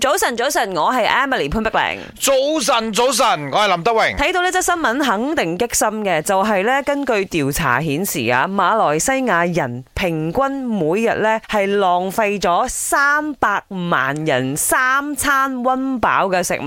早晨，早晨，我係 Emily 潘碧玲。早晨，早晨，我係林德榮。睇到呢則新聞肯定激心嘅，就係咧根據調查顯示啊，馬來西亞人平均每日咧係浪費咗三百萬人三餐溫飽嘅食物。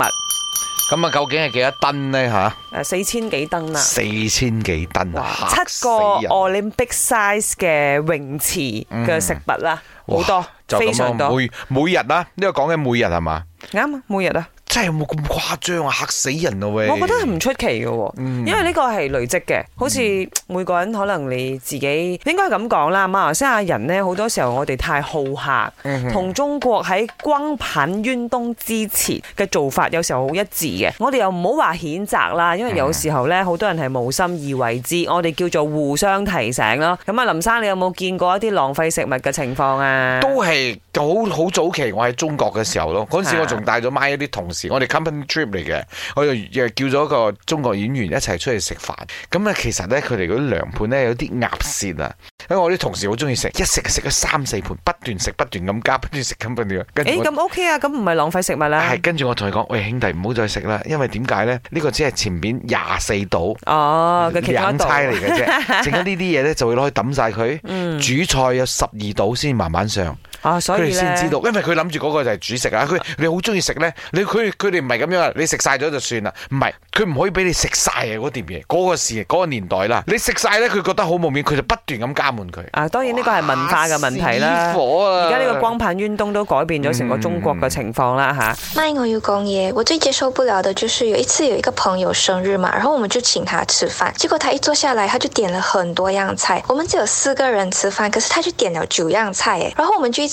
咁啊，究竟係幾多噸呢？吓？誒，四千幾噸啦，四千幾噸啊，七個 Olympic size 嘅泳池嘅食物啦。嗯好多，就咁多。樣每每日啦，呢個講緊每日係嘛？啱啊，每日啊。真係有冇咁誇張啊！嚇死人啊！喂！我覺得係唔出奇嘅、嗯，因為呢個係累積嘅，好似每個人可能你自己、嗯、應該咁講啦。馬來西亞人呢，好多時候我哋太好客，同、嗯、中國喺光品冤東之前嘅做法有時候好一致嘅。我哋又唔好話譴責啦，因為有時候呢，好多人係無心而為之，嗯、我哋叫做互相提醒啦。咁啊，林生，你有冇見過一啲浪費食物嘅情況啊？都係好好早期，我喺中國嘅時候咯，嗰陣時我仲帶咗媽、媽一啲同事。我哋 company trip 嚟嘅，我又又叫咗個中國演員一齊出去食飯。咁啊，其實咧，佢哋嗰啲涼盤咧有啲鴨舌啊，因為我啲同事好中意食，一食食咗三四盤，不斷食，不斷咁加，不斷食咁住，誒，咁、欸、OK 啊，咁唔係浪費食物啦。係，跟住我同佢講，喂、哎、兄弟，唔好再食啦，因為點解咧？呢、呢個只係前邊廿四度，哦，兩差嚟嘅啫，整咗呢啲嘢咧就會攞去揼晒佢。嗯，主菜有十二度先慢慢上。佢哋先知道，因為佢諗住嗰個就係主食啊！佢你好中意食呢？你佢佢哋唔係咁樣啊！你食晒咗就算啦，唔係佢唔可以俾你食晒啊！嗰碟嘢，嗰、那個時，嗰、那個年代啦，你食晒呢，佢覺得好冇面，佢就不斷咁加滿佢。啊，當然呢個係文化嘅問題啦。而家呢個光盤運動都改變咗成個中國嘅情況啦吓，My u n c 我最接受不了嘅就是有一次有一個朋友生日嘛，然後我們就請他吃飯，結果他一坐下來他就點了很多樣菜，我們只有四個人吃飯，可是他就點了九樣菜，然後我們